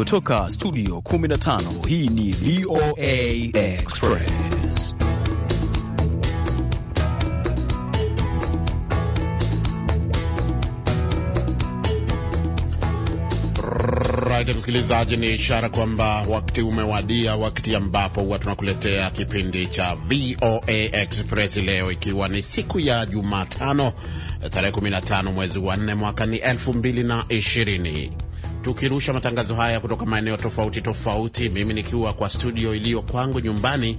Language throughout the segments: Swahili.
Kutoka studio 15 hii ni VOA Express. Right, msikilizaji, ni ishara kwamba wakati umewadia, wakati ambapo huwa tunakuletea kipindi cha VOA Express leo ikiwa ni siku ya Jumatano tarehe 15 mwezi wa 4 mwaka ni 2020 tukirusha matangazo haya kutoka maeneo tofauti tofauti, mimi nikiwa kwa studio iliyo kwangu nyumbani.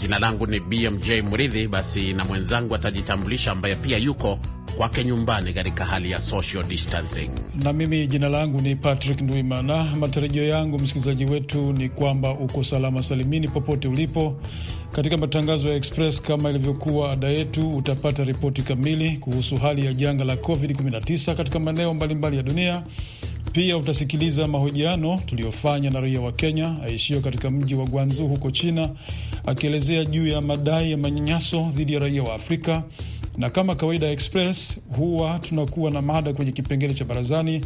Jina langu ni BMJ Mridhi, basi na mwenzangu atajitambulisha, ambaye pia yuko kwake nyumbani katika hali ya social distancing. Na mimi jina langu ni Patrick Nduimana. Matarajio yangu msikilizaji wetu ni kwamba uko salama salimini popote ulipo. Katika matangazo ya Express kama ilivyokuwa ada yetu, utapata ripoti kamili kuhusu hali ya janga la COVID-19 katika maeneo mbalimbali ya dunia pia utasikiliza mahojiano tuliyofanya na raia wa Kenya aishio katika mji wa Guangzhou huko China, akielezea juu ya madai ya manyanyaso dhidi ya raia wa Afrika. Na kama kawaida ya Express huwa tunakuwa na mada kwenye kipengele cha barazani,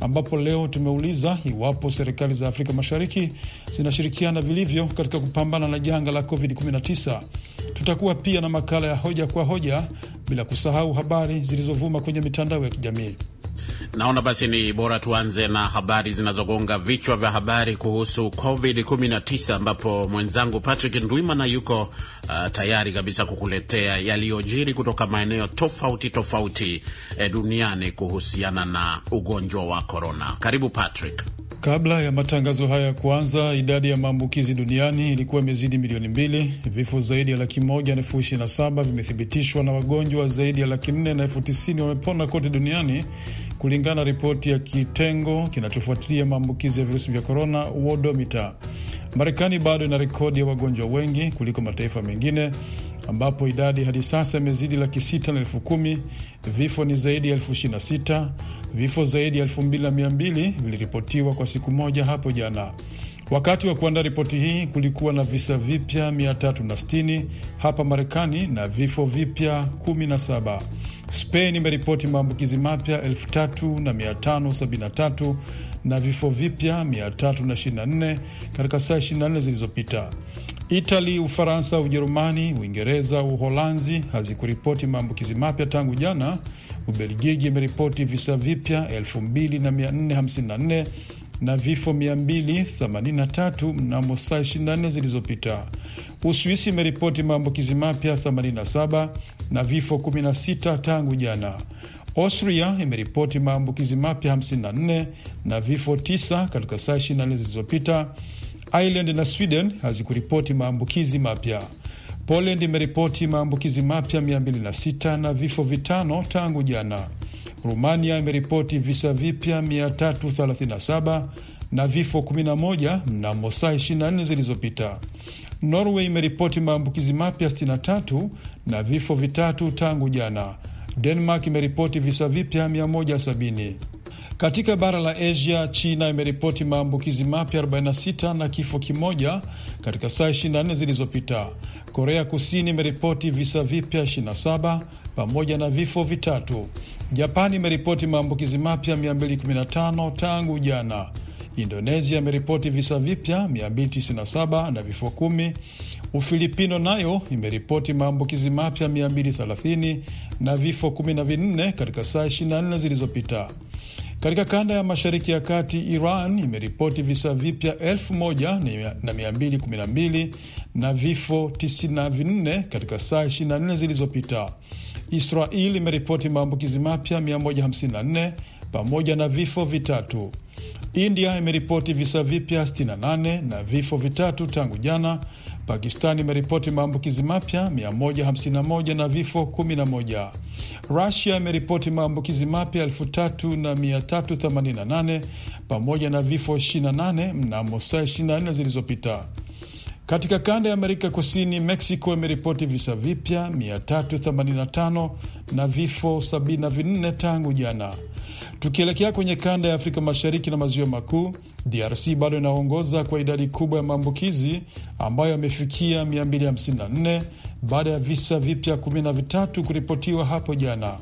ambapo leo tumeuliza iwapo serikali za Afrika Mashariki zinashirikiana vilivyo katika kupambana na janga la COVID-19. Tutakuwa pia na makala ya hoja kwa hoja, bila kusahau habari zilizovuma kwenye mitandao ya kijamii. Naona basi ni bora tuanze na habari zinazogonga vichwa vya habari kuhusu COVID-19, ambapo mwenzangu Patrick Ndwimana yuko uh, tayari kabisa kukuletea yaliyojiri kutoka maeneo tofauti tofauti eh, duniani kuhusiana na ugonjwa wa korona. Karibu Patrick. Kabla ya matangazo haya kuanza, idadi ya maambukizi duniani ilikuwa imezidi milioni mbili. Vifo zaidi ya laki moja na elfu ishirini na saba vimethibitishwa na wagonjwa zaidi ya laki nne na elfu tisini wamepona kote duniani kulingana na ripoti ya kitengo kinachofuatilia maambukizi ya virusi vya korona Wodomita. Marekani bado ina rekodi ya wagonjwa wengi kuliko mataifa mengine ambapo idadi hadi sasa imezidi laki sita na elfu kumi. Vifo ni zaidi ya elfu ishirini na sita. Vifo zaidi ya elfu mbili na mia mbili viliripotiwa kwa siku moja hapo jana. Wakati wa kuandaa ripoti hii kulikuwa na visa vipya 360 hapa Marekani na vifo vipya 17. Spain imeripoti maambukizi mapya 3573 na vifo vipya 324 katika saa 24 zilizopita. Itali, Ufaransa, Ujerumani, Uingereza, Uholanzi hazikuripoti maambukizi mapya tangu jana. Ubelgiji imeripoti visa vipya 2454 na vifo 283 mnamo saa 24 zilizopita. Uswisi imeripoti maambukizi mapya 87 na vifo 16 tangu jana. Austria imeripoti maambukizi mapya 54 na vifo 9 katika saa 24 zilizopita. Ireland na Sweden hazikuripoti maambukizi mapya. Poland imeripoti maambukizi mapya 206 na vifo vitano tangu jana. Rumania imeripoti visa vipya 337 na vifo 11 mnamo saa 24 zilizopita. Norway imeripoti maambukizi mapya 63 na vifo vitatu tangu jana. Denmark imeripoti visa vipya 170. Katika bara la Asia, China imeripoti maambukizi mapya 46 na kifo kimoja katika saa 24 zilizopita. Korea Kusini imeripoti visa vipya 27 pamoja na vifo vitatu. Japani imeripoti maambukizi mapya 215 tangu jana. Indonesia imeripoti visa vipya 297 na vifo kumi. Ufilipino nayo imeripoti maambukizi mapya 230 na vifo kumi na vinne katika saa 24 zilizopita. Katika kanda ya mashariki ya kati, Iran imeripoti visa vipya elfu moja na mia mbili kumi na mbili na vifo 94 katika saa 24 zilizopita. Israel imeripoti maambukizi mapya 154 pamoja na vifo vitatu. India imeripoti visa vipya 68 na vifo vitatu tangu jana. pakistani imeripoti maambukizi mapya 151 na vifo 11. Rusia imeripoti maambukizi mapya 3388 pamoja na vifo 28 mnamo saa 24 zilizopita. Katika kanda ya Amerika Kusini, Mexico imeripoti visa vipya 385 na vifo 74 tangu jana. Tukielekea kwenye kanda ya Afrika Mashariki na Maziwa Makuu, DRC bado inaongoza kwa idadi kubwa ya maambukizi ambayo yamefikia 254 baada ya visa vipya 13 kuripotiwa hapo jana.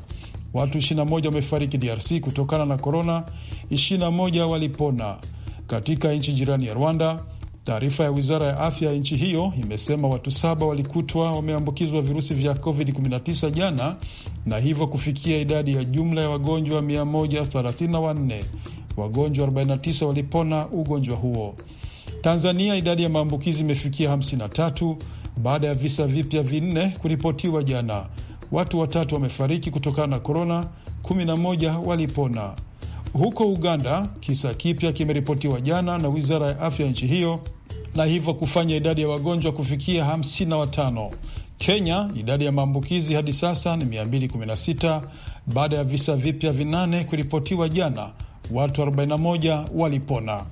Watu 21 wamefariki DRC kutokana na korona, 21 walipona. Katika nchi jirani ya Rwanda Taarifa ya wizara ya afya ya nchi hiyo imesema watu saba walikutwa wameambukizwa virusi vya COVID-19 jana na hivyo kufikia idadi ya jumla ya wagonjwa 134. Wagonjwa 49 walipona ugonjwa huo. Tanzania, idadi ya maambukizi imefikia 53 baada ya visa vipya vinne kuripotiwa jana. Watu watatu wamefariki kutokana na korona, 11 walipona. Huko Uganda, kisa kipya kimeripotiwa jana na wizara ya afya ya nchi hiyo na hivyo kufanya idadi ya wagonjwa kufikia 55. watano. Kenya, idadi ya maambukizi hadi sasa ni 216 baada ya visa vipya vinane kuripotiwa jana. Watu 41 walipona.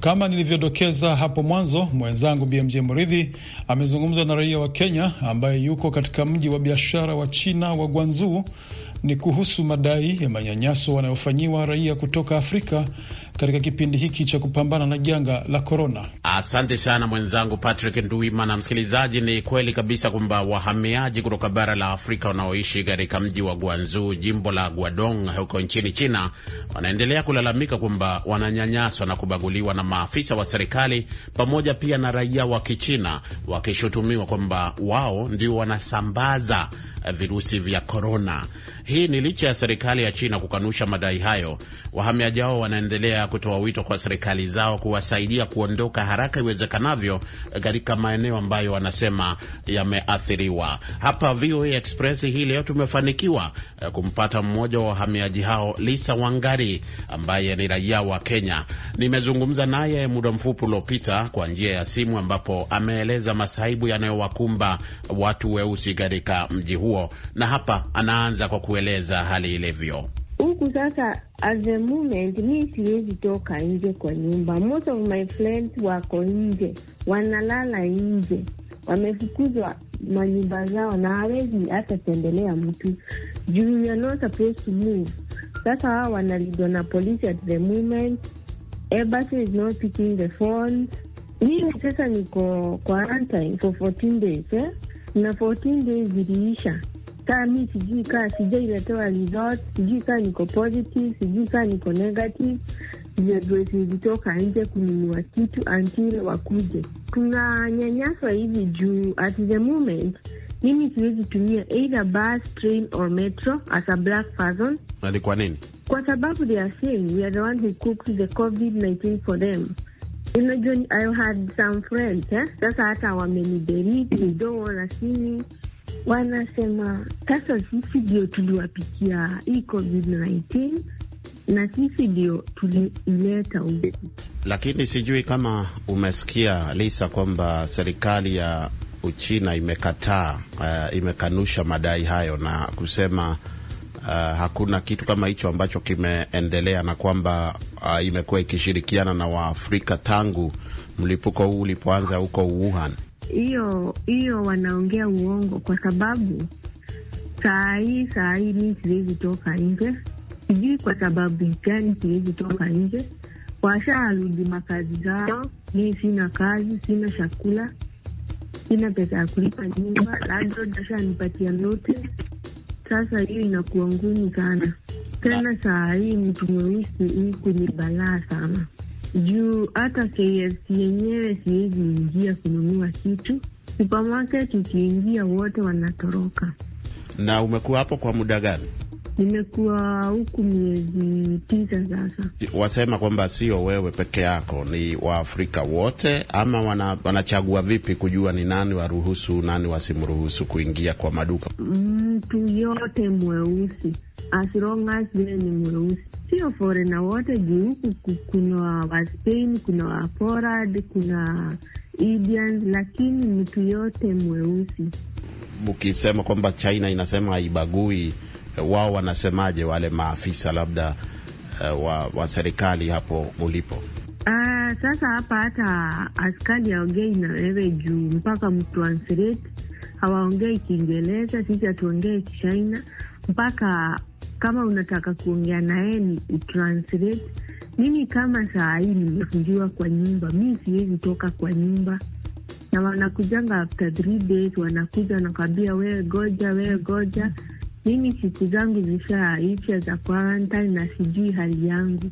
Kama nilivyodokeza hapo mwanzo, mwenzangu BMJ mridhi amezungumza na raia wa Kenya ambaye yuko katika mji wa biashara wa China wa Guangzhou ni kuhusu madai ya manyanyaso wanayofanyiwa raia kutoka Afrika katika kipindi hiki cha kupambana na janga la korona. Asante sana mwenzangu Patrick Nduima. Na msikilizaji, ni kweli kabisa kwamba wahamiaji kutoka bara la Afrika wanaoishi katika mji wa Guangzhou, jimbo la Guangdong huko nchini China, wanaendelea kulalamika kwamba wananyanyaswa na kubaguliwa na maafisa wa serikali pamoja pia na raia wa Kichina, wakishutumiwa kwamba wao ndio wanasambaza Eh, virusi vya korona. Hii ni licha ya serikali ya China kukanusha madai hayo. Wahamiaji hao wanaendelea kutoa wito kwa serikali zao kuwasaidia kuondoka haraka iwezekanavyo eh, katika maeneo ambayo wanasema yameathiriwa. Hapa VOA Express hii leo tumefanikiwa eh, kumpata mmoja wa wahamiaji hao, Lisa Wangari, ambaye ni raia wa Kenya. Nimezungumza naye muda mfupi uliopita kwa njia ya simu, ambapo ameeleza masaibu yanayowakumba watu weusi katika mji huo huo, na hapa anaanza kwa kueleza hali ilivyo huku sasa. At the moment mi siwezi toka nje kwa nyumba, most of my friends wako nje, wanalala nje, wamefukuzwa manyumba zao, na hawezi hata tembelea mtu juu you are not supposed to move. Sasa wao wanalidwa na polisi at the moment. Embassy is not picking the phone. Mimi sasa niko quarantine for 14 days eh? na 14 days iliisha. kaa mi sijui kaa sija inatoa result, sijui kaa niko positive, sijui kaa niko negative. ilitoka nje kununua kitu antile wakuje. Kuna nyanyaswa hivi juu at the moment mimi siwezi tumia either bus, train or metro as a black person. Kwa nini? Kwa sababu they are saying we are the one who cooked the covid-19 for them Unajua, I had some friends eh? Sasa hata wanasema sasa sisi ndio tuliwapikia hii COVID-19 na sisi ndio tulileta ugumu. Lakini sijui kama umesikia Lisa, kwamba serikali ya Uchina imekataa uh, imekanusha madai hayo na kusema uh, hakuna kitu kama hicho ambacho kimeendelea na kwamba uh, imekuwa ikishirikiana na Waafrika tangu mlipuko huu ulipoanza huko Wuhan. Hiyo hiyo wanaongea uongo, kwa sababu saa hii saa hii mi siwezi toka nje, sijui kwa sababu gani siwezi toka nje. Washarudi makazi zao, mi sina kazi, sina chakula, sina pesa ya kulipa nyumba, labda ashanipatia note sasa hiyo inakuwa ngumu sana tena, saa hii mtu mweusi huku ni balaa sana, juu hata KFC yenyewe siwezi ingia kununua kitu. Supermarket ukiingia, wote wanatoroka. Na umekuwa hapo kwa muda gani? Nimekuwa huku miezi tisa sasa. Wasema kwamba sio wewe peke yako, ni Waafrika wote, ama wana, wanachagua vipi kujua ni nani waruhusu nani wasimruhusu kuingia kwa maduka? Mtu yote mweusi as long as vile ni mweusi, sio forena wote juu huku kuna Waspain, kuna Waporad, kuna Indian, lakini mtu yote mweusi mkisema kwamba China inasema haibagui Eh, wao wanasemaje wale maafisa labda uh, wa, wa serikali hapo ulipo? Uh, sasa hapa hata askari aongei na wewe juu mpaka mtranslate, hawaongei Kiingereza, sisi hatuongee Kichaina, mpaka kama unataka kuongea naye ni utranslate. Mimi kama saa hii nimefungiwa kwa nyumba, mi siwezi toka kwa nyumba, na wanakujanga after three days, wanakuja wanakwambia wewe goja, wewe goja mm mimi siku zangu zishaisha za quarantine na sijui hali yangu.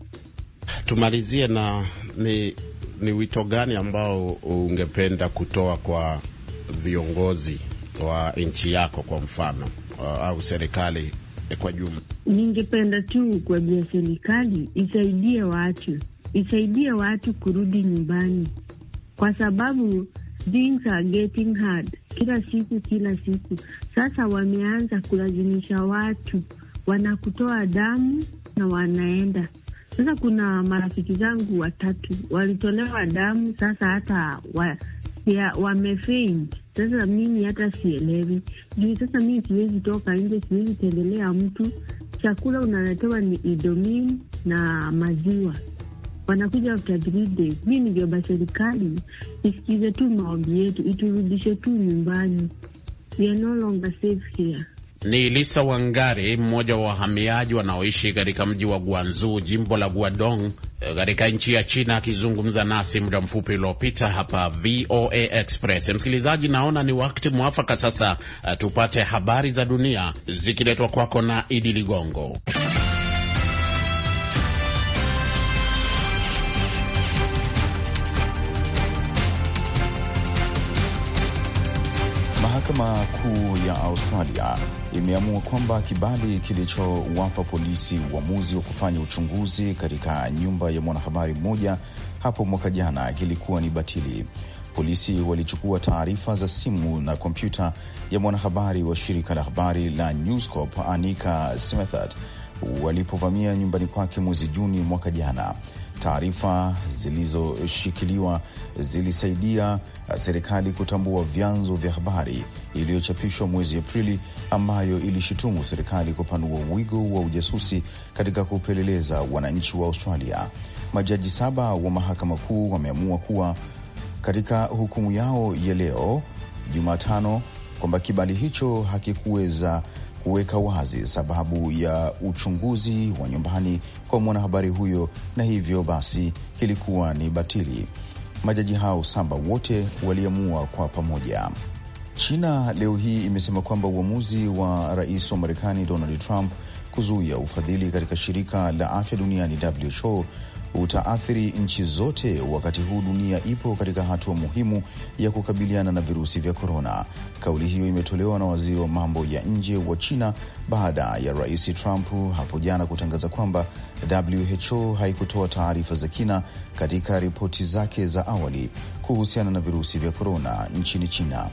Tumalizie na ni, ni wito gani ambao ungependa kutoa kwa viongozi wa nchi yako kwa mfano uh, au serikali kwa jumla? Ningependa tu kuambia serikali isaidie watu, isaidie watu kurudi nyumbani kwa sababu things are getting hard kila siku kila siku. Sasa wameanza kulazimisha watu, wanakutoa damu na wanaenda sasa. Kuna marafiki zangu watatu walitolewa damu, sasa hata wa, wamefeint. Sasa mimi hata sielewi juu. Sasa mimi siwezi toka nje, siwezi tembelea mtu. Chakula unaletewa ni idomini na maziwa wanakuja after three days. Mi serikali isikize tu maombi yetu, iturudishe tu nyumbani. We are no longer safe here. Ni Lisa Wangari, mmoja wa wahamiaji wanaoishi katika mji wa Guangzhou, jimbo la Guangdong eh, katika nchi ya China, akizungumza nasi muda mfupi uliopita hapa VOA Express. Msikilizaji, naona ni wakati mwafaka sasa, uh, tupate habari za dunia zikiletwa kwako na Idi Ligongo. Mahakama Kuu ya Australia imeamua kwamba kibali kilichowapa polisi uamuzi wa kufanya uchunguzi katika nyumba ya mwanahabari mmoja hapo mwaka jana kilikuwa ni batili. Polisi walichukua taarifa za simu na kompyuta ya mwanahabari wa shirika la habari la News Corp Anika Smethurst walipovamia nyumbani kwake mwezi Juni mwaka jana. Taarifa zilizoshikiliwa zilisaidia serikali kutambua vyanzo vya habari iliyochapishwa mwezi Aprili ambayo ilishutumu serikali kupanua wigo wa ujasusi katika kupeleleza wananchi wa Australia. Majaji saba wa mahakama kuu wameamua kuwa katika hukumu yao ya leo Jumatano kwamba kibali hicho hakikuweza kuweka wazi sababu ya uchunguzi wa nyumbani kwa mwanahabari huyo na hivyo basi kilikuwa ni batili. Majaji hao saba wote waliamua kwa pamoja. China leo hii imesema kwamba uamuzi wa rais wa Marekani Donald Trump kuzuia ufadhili katika shirika la afya duniani WHO utaathiri nchi zote, wakati huu dunia ipo katika hatua muhimu ya kukabiliana na virusi vya korona. Kauli hiyo imetolewa na waziri wa mambo ya nje wa China baada ya rais Trump hapo jana kutangaza kwamba WHO haikutoa taarifa za kina katika ripoti zake za awali kuhusiana na virusi vya korona nchini China.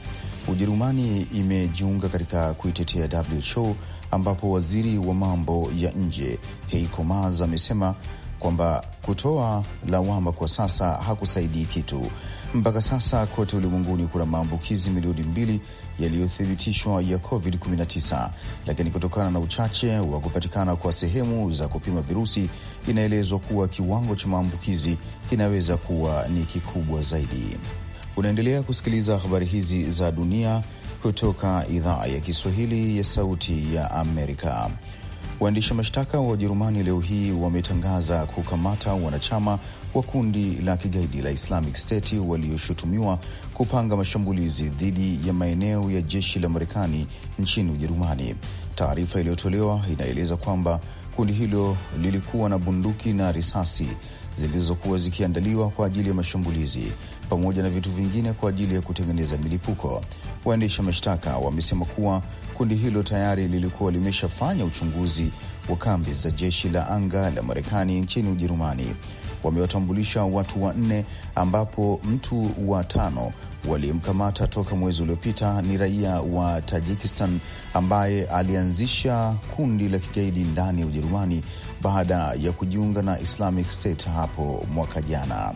Ujerumani imejiunga katika kuitetea WHO ambapo waziri wa mambo ya nje Heiko Maas amesema kwamba kutoa lawama kwa sasa hakusaidii kitu. Mpaka sasa kote ulimwenguni kuna maambukizi milioni mbili yaliyothibitishwa ya COVID-19, lakini kutokana na uchache wa kupatikana kwa sehemu za kupima virusi, inaelezwa kuwa kiwango cha maambukizi kinaweza kuwa ni kikubwa zaidi. Unaendelea kusikiliza habari hizi za dunia kutoka idhaa ya Kiswahili ya Sauti ya Amerika. Waendesha mashtaka wa Ujerumani leo hii wametangaza kukamata wanachama wa kundi la kigaidi la Islamic State walioshutumiwa kupanga mashambulizi dhidi ya maeneo ya jeshi la Marekani nchini Ujerumani. Taarifa iliyotolewa inaeleza kwamba kundi hilo lilikuwa na bunduki na risasi zilizokuwa zikiandaliwa kwa ajili ya mashambulizi pamoja na vitu vingine kwa ajili ya kutengeneza milipuko. Waendesha mashtaka wamesema kuwa kundi hilo tayari lilikuwa limeshafanya uchunguzi wa kambi za jeshi la anga la Marekani nchini Ujerumani. Wamewatambulisha watu wanne, ambapo mtu wa tano waliyemkamata toka mwezi uliopita ni raia wa Tajikistan ambaye alianzisha kundi la kigaidi ndani ya Ujerumani baada ya kujiunga na Islamic State hapo mwaka jana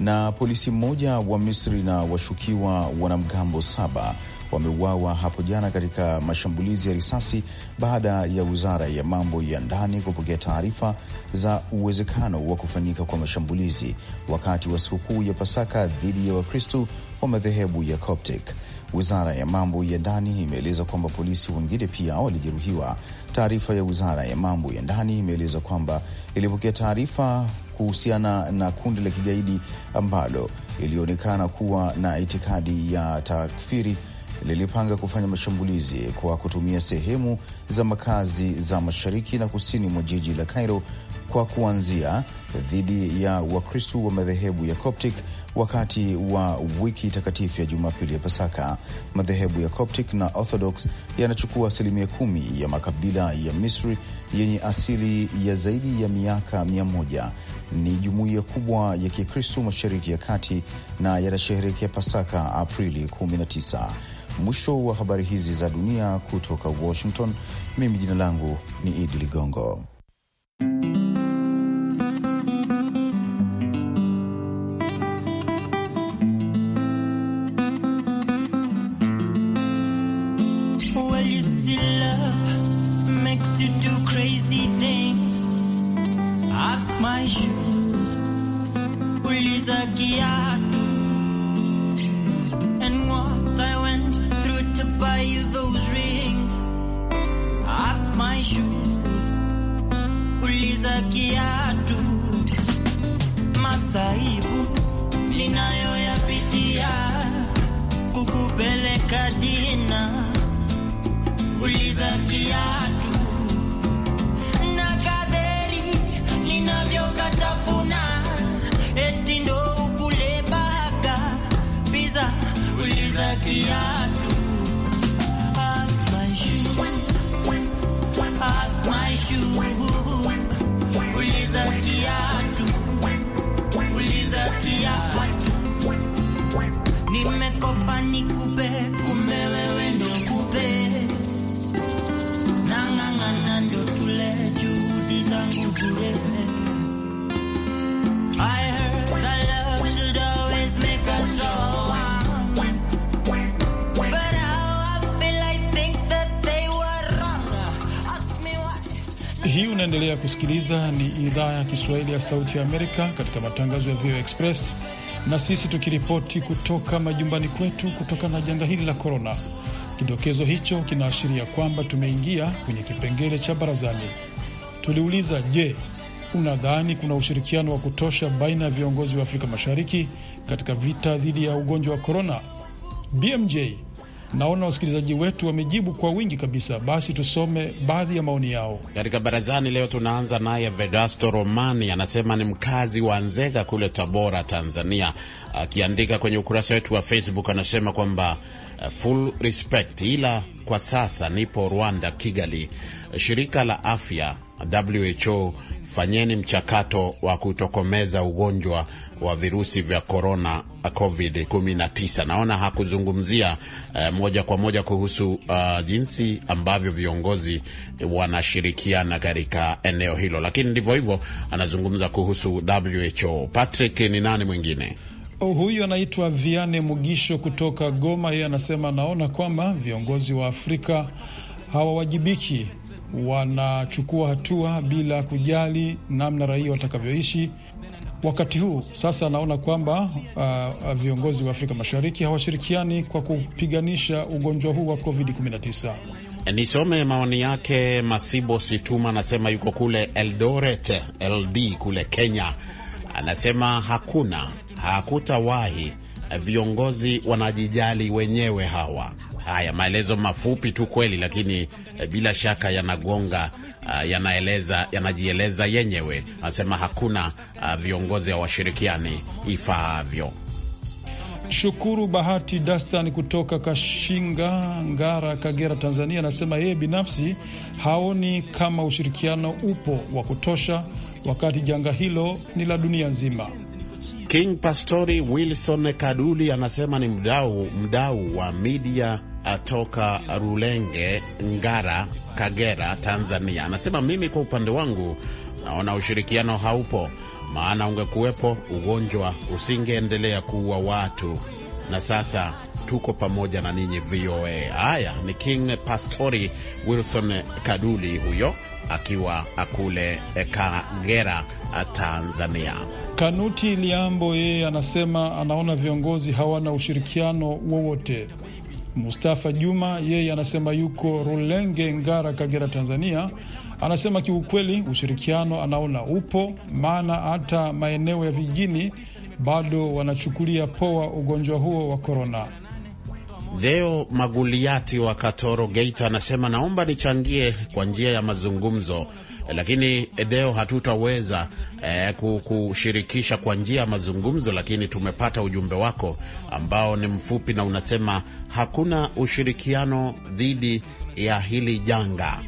na polisi mmoja wa Misri na washukiwa wanamgambo saba wameuawa hapo jana katika mashambulizi ya risasi baada ya wizara ya mambo ya ndani kupokea taarifa za uwezekano wa kufanyika kwa mashambulizi wakati wa sikukuu ya Pasaka dhidi ya Wakristo wa madhehebu ya Coptic. Wizara ya mambo ya ndani imeeleza kwamba polisi wengine pia walijeruhiwa. Taarifa ya wizara ya mambo ya ndani imeeleza kwamba ilipokea taarifa kuhusiana na kundi la kigaidi ambalo ilionekana kuwa na itikadi ya takfiri lilipanga kufanya mashambulizi kwa kutumia sehemu za makazi za mashariki na kusini mwa jiji la Cairo kwa kuanzia dhidi ya wakristu wa, wa madhehebu ya Coptic wakati wa wiki takatifu ya Jumapili ya Pasaka. Madhehebu ya Coptic na Orthodox yanachukua asilimia kumi ya makabila ya Misri yenye asili ya zaidi ya miaka mia moja. Ni jumuiya kubwa ya kikristu Mashariki ya Kati na yanasheherekea Pasaka Aprili 19. Mwisho wa habari hizi za dunia kutoka Washington. Mimi jina langu ni Idi Ligongo. ninayoyapitia kukupeleka dina, uliza kiatu na kadheri ninavyokatafuna, eti ndo ukule baka piza, uliza kiatu Ask my shoe. Ask my shoe. Hii unaendelea kusikiliza ni idhaa ya Kiswahili ya Sauti ya Amerika katika matangazo ya VOA Express, na sisi tukiripoti kutoka majumbani kwetu kutokana na janga hili la korona. Kidokezo hicho kinaashiria kwamba tumeingia kwenye kipengele cha barazani. Tuliuliza, je, unadhani kuna ushirikiano wa kutosha baina ya viongozi wa Afrika Mashariki katika vita dhidi ya ugonjwa wa korona? BMJ, naona wasikilizaji wetu wamejibu kwa wingi kabisa. Basi tusome baadhi ya maoni yao katika barazani leo. Tunaanza naye Vedasto Romani, anasema ni mkazi wa Nzega kule Tabora, Tanzania. Akiandika kwenye ukurasa wetu wa Facebook anasema kwamba eh, full respect, ila kwa sasa nipo Rwanda, Kigali. Shirika la afya WHO, fanyeni mchakato wa kutokomeza ugonjwa wa virusi vya korona COVID 19. Naona hakuzungumzia eh, moja kwa moja kuhusu uh, jinsi ambavyo viongozi wanashirikiana katika eneo hilo, lakini ndivyo hivyo, anazungumza kuhusu WHO. Patrick, ni nani mwingine? Oh, huyu anaitwa Viane Mugisho kutoka Goma. Yeye anasema anaona kwamba viongozi wa Afrika hawawajibiki wanachukua hatua bila kujali namna raia watakavyoishi. Wakati huu sasa naona kwamba uh, uh, viongozi wa Afrika Mashariki hawashirikiani kwa kupiganisha ugonjwa huu wa COVID-19. Nisome maoni yake. Masibo Situma anasema yuko kule Eldoret LD kule Kenya, anasema hakuna, hakutawahi viongozi wanajijali wenyewe hawa Haya, maelezo mafupi tu kweli, lakini eh, bila shaka yanagonga uh, yanaeleza yanajieleza yenyewe. Anasema hakuna uh, viongozi hawashirikiani ifaavyo. Shukuru Bahati Dastan kutoka Kashinga Ngara, Kagera, Tanzania, anasema yeye binafsi haoni kama ushirikiano upo wa kutosha, wakati janga hilo ni la dunia nzima. King Pastori Wilson Kaduli anasema ni mdau mdau wa media toka Rulenge, Ngara, Kagera, Tanzania, anasema mimi kwa upande wangu naona ushirikiano haupo, maana ungekuwepo ugonjwa usingeendelea kuua watu, na sasa tuko pamoja na ninyi VOA. Haya ni King Pastori Wilson Kaduli huyo akiwa akule Kagera, Tanzania. Kanuti Liambo yeye anasema anaona viongozi hawana ushirikiano wowote Mustafa Juma yeye anasema yuko Rulenge, Ngara, Kagera, Tanzania. Anasema kiukweli ushirikiano anaona upo, maana hata maeneo ya vijijini bado wanachukulia poa ugonjwa huo wa korona. Deo Maguliati wa Katoro, Geita, anasema naomba nichangie kwa njia ya mazungumzo lakini deo eh, hatutaweza eh, kushirikisha kwa njia ya mazungumzo, lakini tumepata ujumbe wako ambao ni mfupi na unasema hakuna ushirikiano dhidi ya hili janga.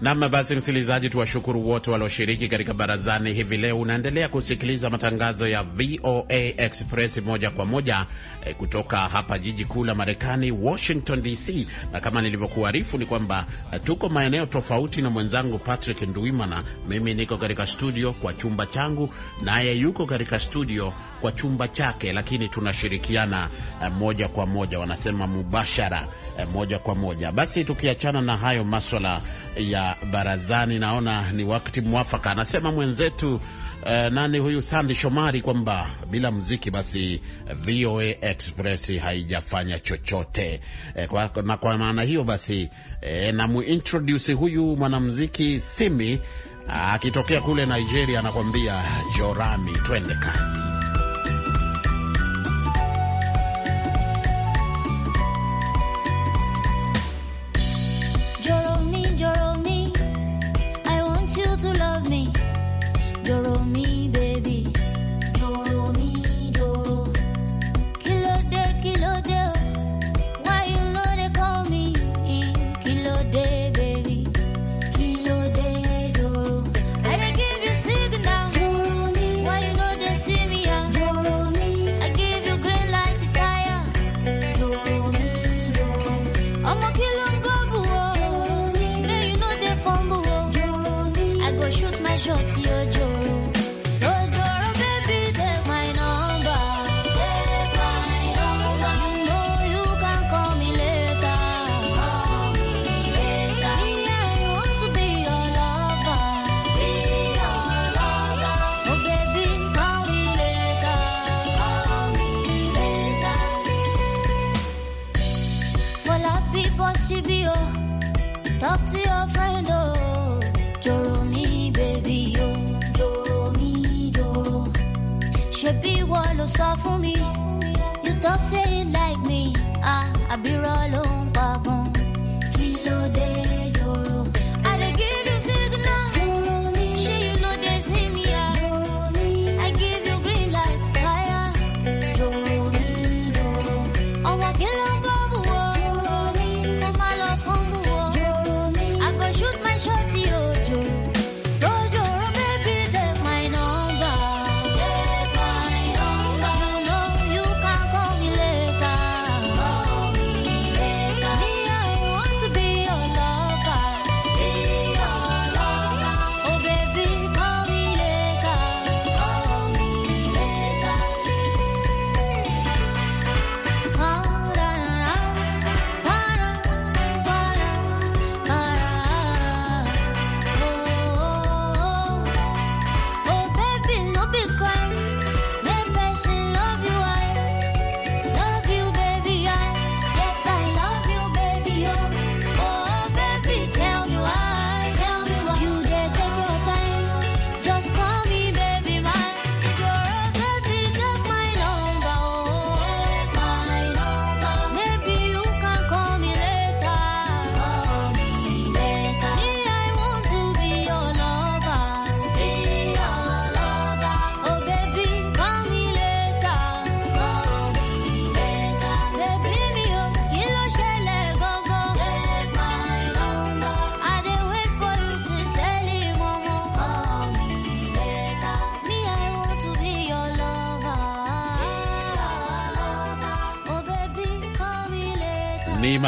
Nam basi, msikilizaji, tuwashukuru wote walioshiriki katika barazani hivi leo. Unaendelea kusikiliza matangazo ya VOA Express moja kwa moja e, kutoka hapa jiji kuu la Marekani, Washington DC, na kama nilivyokuarifu ni kwamba eh, tuko maeneo tofauti na mwenzangu Patrick Nduimana. Mimi niko katika studio kwa chumba changu, naye yuko katika studio kwa chumba chake, lakini tunashirikiana e, moja kwa moja, wanasema mubashara e, moja kwa moja. Basi tukiachana na hayo maswala ya barazani. Naona ni wakati mwafaka, anasema mwenzetu Uh, nani huyu Sandi Shomari kwamba bila mziki basi eh, VOA Express haijafanya chochote eh, kwa, na kwa maana hiyo basi eh, namuintroduce huyu mwanamziki Simi ah, akitokea ah, kule Nigeria, anakuambia Jorami, twende kazi.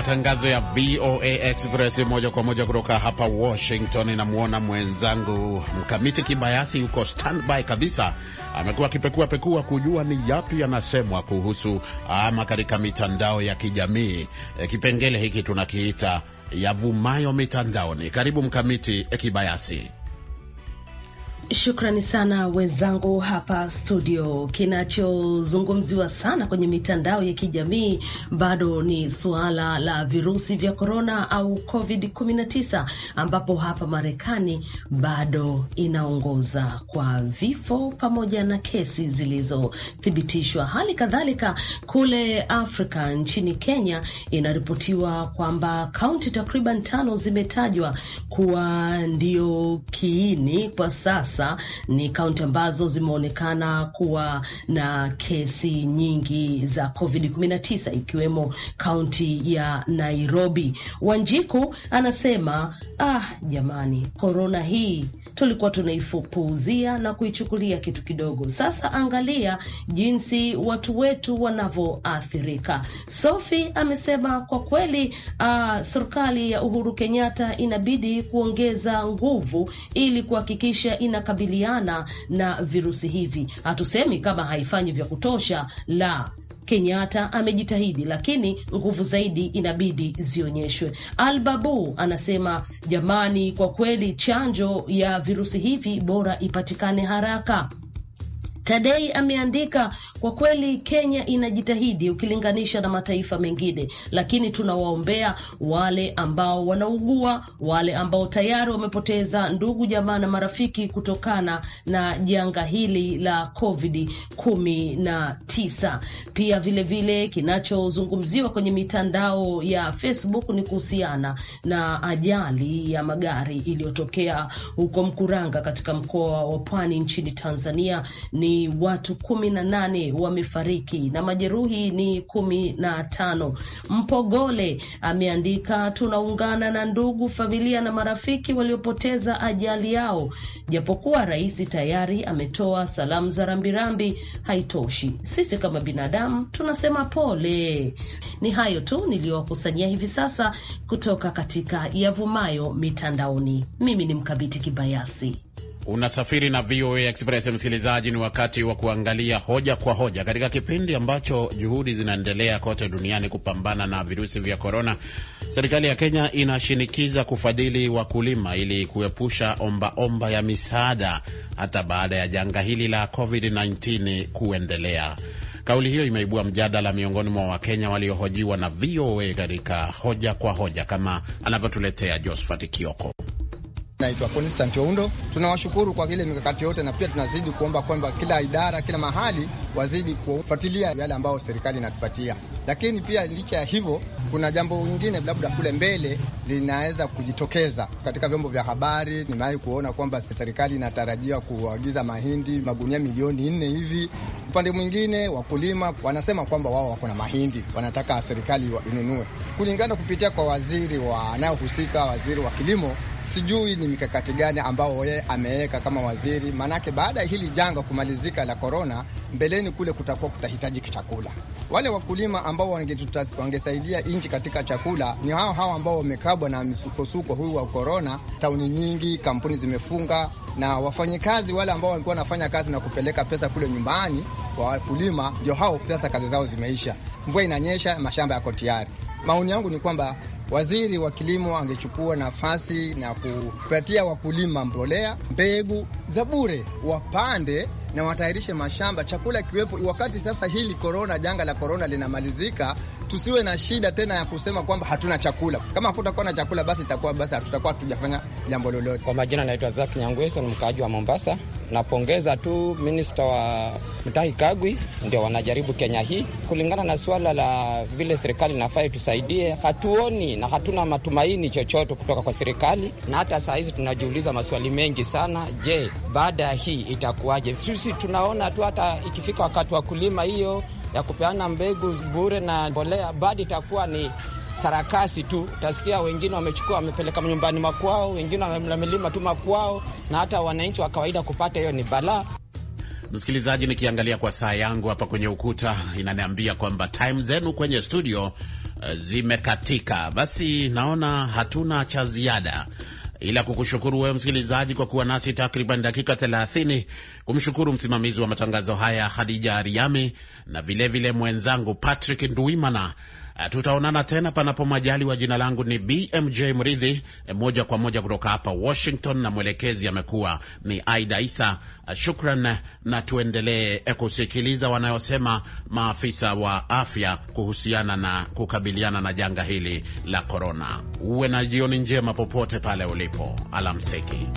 matangazo ya VOA Express moja kwa moja kutoka hapa Washington. inamwona mwenzangu Mkamiti Kibayasi yuko standby kabisa, amekuwa akipekua pekua kujua ni yapi yanasemwa kuhusu ama katika mitandao ya kijamii. E, kipengele hiki tunakiita yavumayo mitandaoni. Karibu Mkamiti Kibayasi. Shukrani sana wenzangu hapa studio. Kinachozungumziwa sana kwenye mitandao ya kijamii bado ni suala la virusi vya korona au COVID-19, ambapo hapa Marekani bado inaongoza kwa vifo pamoja na kesi zilizothibitishwa. Hali kadhalika kule Afrika, nchini Kenya, inaripotiwa kwamba kaunti takriban tano zimetajwa kuwa ndio kiini kwa sasa sasa ni kaunti ambazo zimeonekana kuwa na kesi nyingi za COVID-19 ikiwemo kaunti ya Nairobi. Wanjiku anasema ah, jamani, korona hii tulikuwa tunaipuuzia na kuichukulia kitu kidogo. Sasa angalia jinsi watu wetu wanavyoathirika. Sofi amesema kwa kweli, uh, serikali ya Uhuru Kenyatta inabidi kuongeza nguvu ili kuhakikisha ina inakabiliana na virusi hivi. Hatusemi kama haifanyi vya kutosha, la Kenyatta amejitahidi, lakini nguvu zaidi inabidi zionyeshwe. Albabu anasema jamani, kwa kweli chanjo ya virusi hivi bora ipatikane haraka. Tadei ameandika kwa kweli, Kenya inajitahidi ukilinganisha na mataifa mengine, lakini tunawaombea wale ambao wanaugua, wale ambao tayari wamepoteza ndugu, jamaa na marafiki kutokana na janga hili la COVID 19. Pia vilevile kinachozungumziwa kwenye mitandao ya Facebook ni kuhusiana na ajali ya magari iliyotokea huko Mkuranga katika mkoa wa Pwani nchini Tanzania ni watu kumi na nane wamefariki na majeruhi ni kumi na tano. Mpogole ameandika tunaungana na ndugu, familia na marafiki waliopoteza ajali yao. Japokuwa rais tayari ametoa salamu za rambirambi, haitoshi. Sisi kama binadamu tunasema pole. Ni hayo tu niliyowakusanyia hivi sasa kutoka katika yavumayo mitandaoni. Mimi ni Mkabiti Kibayasi. Unasafiri na VOA Express, msikilizaji. Ni wakati wa kuangalia hoja kwa hoja, katika kipindi ambacho juhudi zinaendelea kote duniani kupambana na virusi vya korona. Serikali ya Kenya inashinikiza kufadhili wakulima ili kuepusha ombaomba ya misaada hata baada ya janga hili la COVID-19 kuendelea. Kauli hiyo imeibua mjadala miongoni mwa Wakenya waliohojiwa na VOA katika hoja kwa hoja, kama anavyotuletea Josephat Kioko. Naitwa Constant Oundo. Tunawashukuru kwa ile mikakati yote, na pia tunazidi kuomba kwamba kila idara, kila mahali wazidi kufuatilia yale ambayo serikali inatupatia. Lakini pia licha ya hivyo, kuna jambo lingine labda kule mbele linaweza kujitokeza katika vyombo vya habari. Nimewahi kuona kwamba serikali inatarajia kuagiza mahindi magunia milioni nne hivi. Upande mwingine, wakulima wanasema kwamba wao wako na mahindi, wanataka serikali inunue, kulingana kupitia kwa waziri wanayohusika, waziri wa kilimo Sijui ni mikakati gani ambao yeye ameweka kama waziri, maanake baada ya hili janga kumalizika la korona, mbeleni kule kutakuwa kutahitaji chakula. Wale wakulima ambao wangesaidia nchi katika chakula ni hao hao ambao wamekabwa na msukosuko huyu wa korona. Tauni nyingi, kampuni zimefunga, na wafanyikazi wale ambao walikuwa wanafanya kazi na kupeleka pesa kule nyumbani kwa wakulima, ndio hao pesa kazi zao zimeisha. Mvua inanyesha, mashamba yako tayari. Maoni yangu ni kwamba waziri wa kilimo angechukua nafasi na kupatia wakulima mbolea, mbegu za bure, wapande na watayarishe mashamba, chakula kiwepo. Wakati sasa hili korona, janga la korona linamalizika, tusiwe na shida tena ya kusema kwamba hatuna chakula. Kama hakutakuwa na chakula, basi itakuwa basi hatutakuwa hatujafanya jambo lolote. Kwa majina, naitwa Zaki Nyangweso, ni mkaaji wa Mombasa. Napongeza tu minista wa Mutahi Kagwe, ndio wanajaribu Kenya hii kulingana na suala la vile serikali inafaa itusaidie. Hatuoni na hatuna matumaini chochote kutoka kwa serikali, na hata saa hizi tunajiuliza maswali mengi sana. Je, baada ya hii itakuwaje? Sisi tunaona tu hata ikifika wakati wa kulima hiyo ya kupeana mbegu bure na mbolea, bado itakuwa ni sarakasi tu. Utasikia wengine wamechukua wamepeleka nyumbani makwao, wengine wamelima tu makwao, na hata wananchi wa kawaida kupata hiyo ni balaa. Msikilizaji, nikiangalia kwa saa yangu hapa kwenye ukuta inaniambia kwamba time zenu kwenye studio eh, zimekatika. Basi naona hatuna cha ziada ila kukushukuru wewe msikilizaji kwa kuwa nasi takriban dakika 30, kumshukuru msimamizi wa matangazo haya Hadija Ariami na vilevile vile mwenzangu Patrick Nduimana Eh, tutaonana tena panapo wa Jina langu ni BMJ Mridhi, eh, moja kwa moja kutoka hapa Washington, na mwelekezi amekuwa ni Aida Isa. Eh, shukran, na tuendelee kusikiliza wanayosema maafisa wa afya kuhusiana na kukabiliana na janga hili la korona. Uwe na jioni njema popote pale ulipo, alamseki